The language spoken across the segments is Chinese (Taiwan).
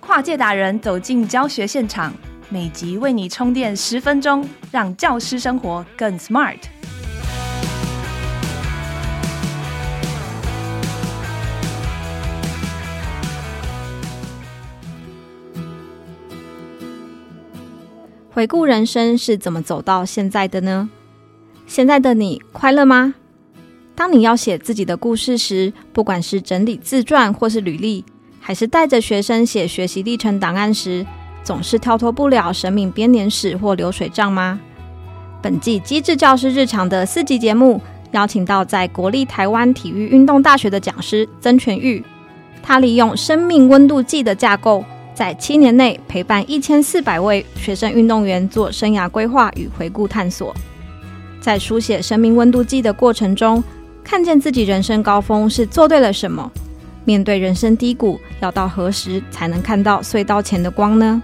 跨界達人走進教學現場，每集為你充電十分鐘，讓教師生活更 smart。回顧人生是怎麼走到現在的呢？現在的你快樂嗎？當你要寫自己的故事時，不管是整理自傳或是履歷，還是帶着學生寫學習歷程檔案時，總是跳脫不了生命編年史或流水賬嗎？本季《機智教師日常》的四集節目邀請到在國立台灣體育運動大學的講師曾荃鈺，他利用生命溫度計的架構，在七年內陪伴一千四百位學生運動員做生涯規劃與回顧探索，在書寫生命溫度計的過程中。看見自己人生高峰是做對了什麼？面對人生低谷，要到何時才能看到隧道前的光呢？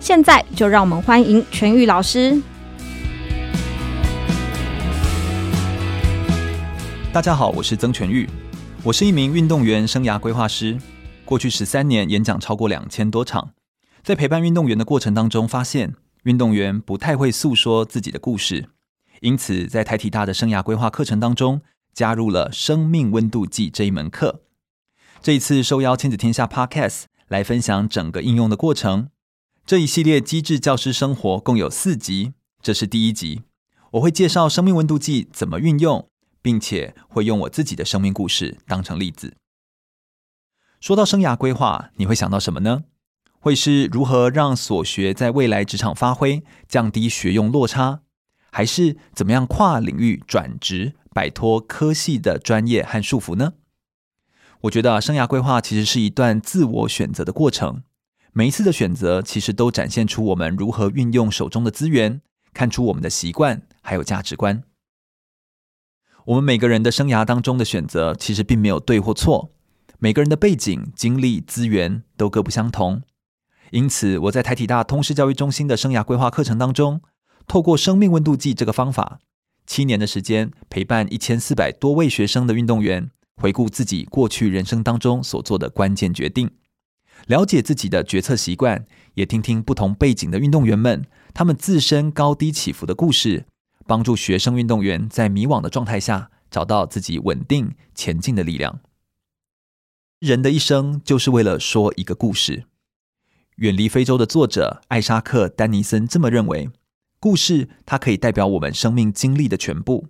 現在就讓我們歡迎荃鈺老師。大家好，我是曾荃鈺，我是一名運動員生涯規劃師。過去十三年演講超過兩千多場，在陪伴運動員的過程當中，發現運動員不太會訴說自己的故事，因此在台體大的生涯規劃課程當中。加入了《生命溫度計》這一門課，這一次受邀《親子天下》Podcast 來分享整個應用的過程。這一系列機智教師生活共有四集，這是第一集。我會介紹《生命溫度計》怎麼運用，並且會用我自己的生命故事當成例子。說到生涯規劃，你會想到什麼呢？會是如何讓所學在未來職場發揮，降低學用落差，還是怎麼樣跨領域轉職？擺脫科系的專業和束縛呢？我覺得生涯規劃其實是一段自我選擇的過程。每一次的選擇其實都展現出我們如何運用手中的資源，看出我們的習慣還有價值觀。我們每個人的生涯當中的選擇其實並沒有對或錯。每個人的背景、經歷、資源都各不相同。因此，我在台體大通識教育中心的生涯規劃課程當中，透過生命溫度計這個方法，七年的時間，陪伴一千四百多位學生的運動員，回顧自己過去人生當中所做的關鍵決定，了解自己的決策習慣，也聽聽不同背景的運動員們他們自身高低起伏的故事，幫助學生運動員在迷惘的狀態下找到自己穩定前進的力量。人的一生就是為了說一個故事。遠離非洲的作者艾沙克·丹尼森這麼認為。故事，它可以代表我們生命經歷的全部。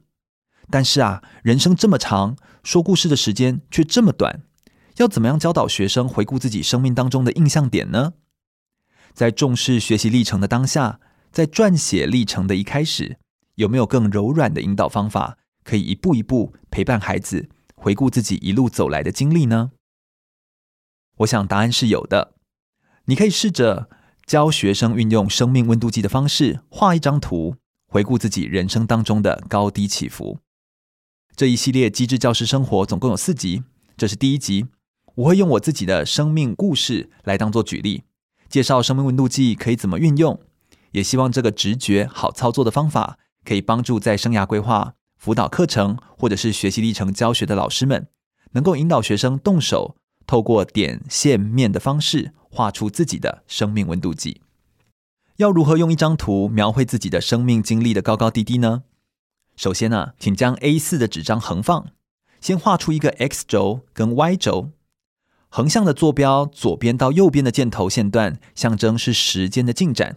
但是啊，人生這麼長，說故事的時間卻這麼短，要怎麼樣教導學生回顧自己生命當中的印象點呢？在重視學習歷程的當下，在撰寫歷程的一開始，有沒有更柔軟的引導方法，可以一步一步陪伴孩子回顧自己一路走來的經歷呢？我想答案是有的，你可以試着。教學生運用生命溫度計的方式畫一張圖，回顧自己人生當中的高低起伏。這一系列機智教師生活總共有四集，這是第一集。我會用我自己的生命故事來當作舉例，介紹生命溫度計可以怎麼運用。也希望這個直覺好操作的方法，可以幫助在生涯規劃輔導課程或者是學習歷程教學的老師們，能夠引導學生動手，透過點、線、面的方式。畫出自己的生命溫度計，要如何用一張圖描繪自己的生命經歷的高高低低呢？首先呢、啊，請將 A4 的紙張橫放，先畫出一個 X 軸跟 Y 軸。橫向的坐標，左邊到右邊的箭頭線段，象徵是時間的進展，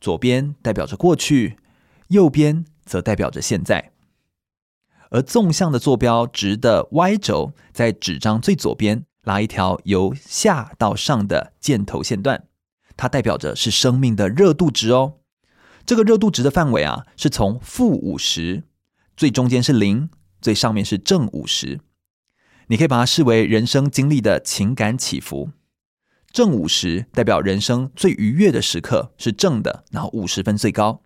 左邊代表着過去，右邊則代表着現在。而縱向的坐標值的 Y 軸，在紙張最左邊。拉一條由下到上的箭頭線段，它代表着是生命的熱度值哦。這個熱度值的範圍啊，是從負五十，最中間是零，最上面是正五十。你可以把它視為人生經歷的情感起伏。正五十代表人生最愉悅的時刻是正的，然後五十分最高。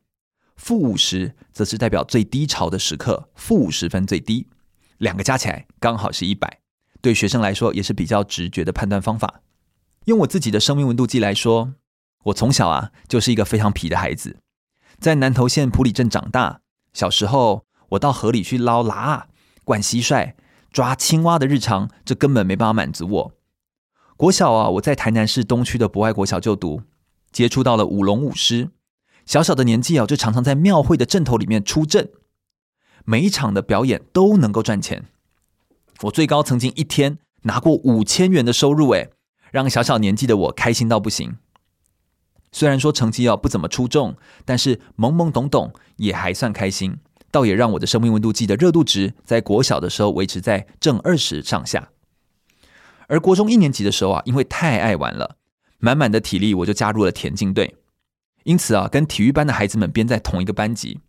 負五十則是代表最低潮的時刻，負五十分最低。兩個加起來剛好是一百。對學生來說也是比較直覺的判斷方法。用我自己的生命溫度計來說，我從小啊就是一個非常皮的孩子，在南投縣埔里鎮長大。小時候，我到河裡去撈蛤、灌蟋蟀、抓青蛙的日常，這根本沒辦法滿足我。國小啊，我在台南市東區的博愛國小就讀，接觸到了舞龍舞獅。小小的年紀啊，就常常在廟會的陣頭裡面出陣，每一場的表演都能夠賺錢。我最高曾經一天拿過五千元的收入，誒，讓小小年紀的我開心到不行。雖然說成績要不怎麼出眾，但是懵懵懂懂也還算開心，倒也讓我的生命溫度計的熱度值在國小的時候維持在正二十上下。而國中一年級的時候啊，因為太愛玩了，滿滿的體力，我就加入了田徑隊，因此啊，跟體育班的孩子們編在同一個班級。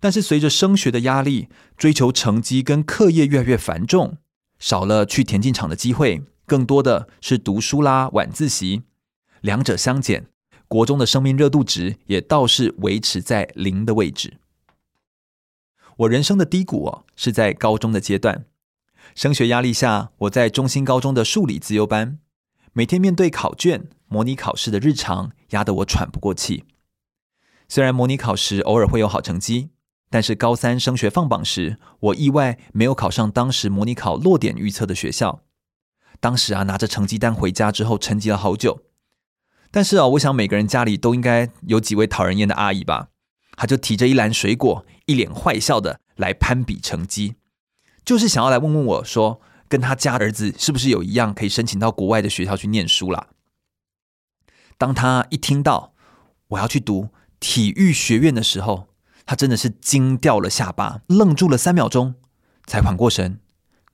但是隨着升學的壓力，追求成績跟課業越來越繁重，少了去田徑場的機會，更多的是讀書啦、晚自習，兩者相減，國中的生命熱度值也倒是維持在零的位置。我人生的低谷、哦、是在高中的階段，升學壓力下，我在中心高中的數理資優班，每天面對考卷、模擬考試的日常，壓得我喘不過氣。雖然模擬考試偶爾會有好成績。但是高三升學放榜時，我意外沒有考上當時模擬考落點預測的學校。當時啊，拿着成績單回家之後，沉寂了好久。但是啊，我想每個人家裡都應該有幾位討人厭的阿姨吧？她就提着一籃水果，一臉壞笑的來攀比成績，就是想要來問問我說，跟他家兒子是不是有一樣可以申請到國外的學校去念書了？當他一聽到我要去讀體育學院的時候，他真的是驚掉了下巴，愣住了三秒鐘，才緩過神，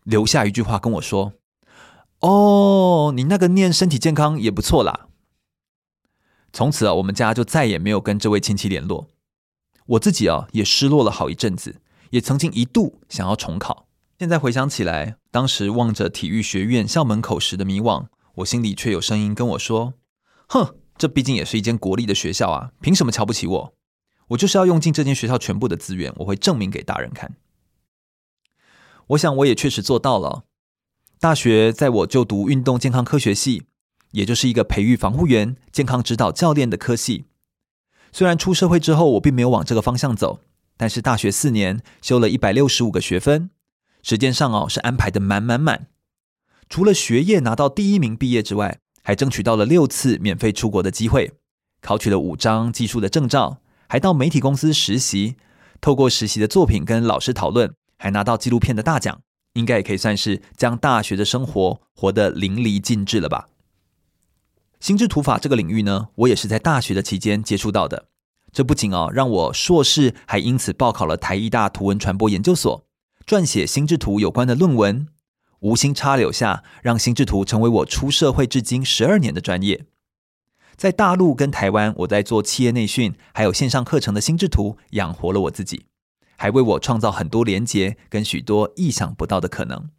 留下一句話跟我說：“哦，你那個念身體健康也不錯啦。”從此啊，我們家就再也沒有跟這位親戚聯絡。我自己啊，也失落了好一陣子，也曾經一度想要重考。現在回想起來，當時望着體育學院校門口時的迷惘，我心裡卻有聲音跟我說：“哼，這畢竟也是一間國立的學校啊，憑什麼瞧不起我？”我就是要用盡這間學校全部的資源，我會證明給大人看。我想我也確實做到了。大學在我就讀運動健康科學系，也就是一個培育防護員、健康指導教練的科系。雖然出社會之後我並沒有往這個方向走，但是大學四年修了一百六十五個學分，時間上哦是安排的滿滿滿。除了學業拿到第一名畢業之外，還爭取到了六次免費出國的機會，考取了五張技術的證照。還到媒體公司實習，透過實習的作品跟老師討論，還拿到紀錄片的大獎，應該也可以算是將大學的生活活得淋漓盡致了吧。心智圖法這個領域呢，我也是在大學的期間接觸到的，這不僅哦，讓我碩士，還因此報考了台藝大圖文傳播研究所，撰寫心智圖有關的論文，無心插柳下，讓心智圖成為我出社會至今十二年的專業。在大陸跟台灣，我在做企業內訓，還有線上課程的心智圖，養活了我自己，還為我創造很多連結跟許多意想不到的可能。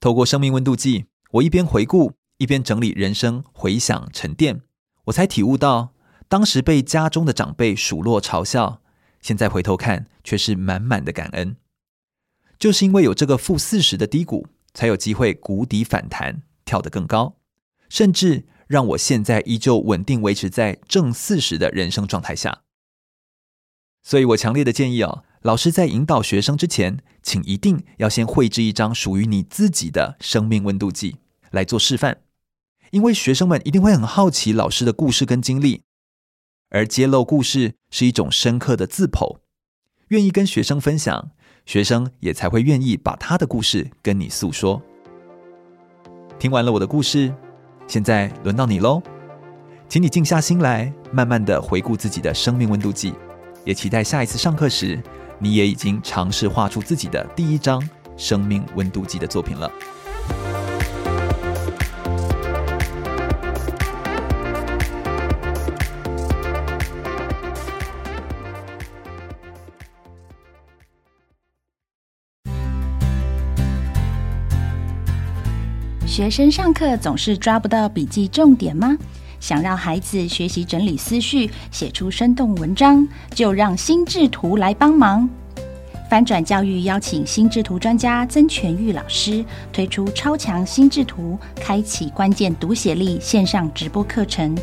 透過生命溫度計，我一邊回顧，一邊整理人生回想沉澱，我才體悟到，當時被家中的長輩數落嘲笑，現在回頭看卻是滿滿的感恩。就是因為有這個負四十的低谷，才有機會谷底反彈，跳得更高，甚至。讓我現在依舊穩定維持在正四十的人生狀態下，所以我強烈的建議哦，老師在引導學生之前，請一定要先繪製一張屬於你自己的生命溫度計來做示範，因為學生們一定會很好奇老師的故事跟經歷，而揭露故事是一種深刻的自剖，願意跟學生分享，學生也才會願意把他的故事跟你訴說。聽完了我的故事。現在輪到你嘍，請你靜下心來，慢慢地回顧自己的生命溫度計。也期待下一次上課時，你也已經嘗試畫出自己的第一張生命溫度計的作品了。學生上課總是抓不到筆記重點嗎？想讓孩子學習整理思緒，寫出生動文章，就讓心智圖來幫忙。翻轉教育邀請心智圖專家曾荃鈺老師推出超強心智圖，開啟關鍵讀寫力線上直播課程，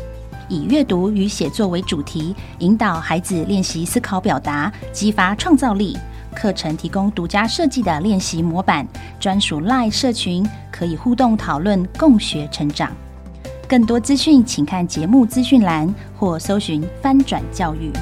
以閱讀與寫作為主題，引導孩子練習思考表達，激發創造力。課程提供獨家設計的練習模板，專屬 Live 社群可以互動討論，共學成長。更多資訊，請看節目資訊欄或搜尋翻轉教育。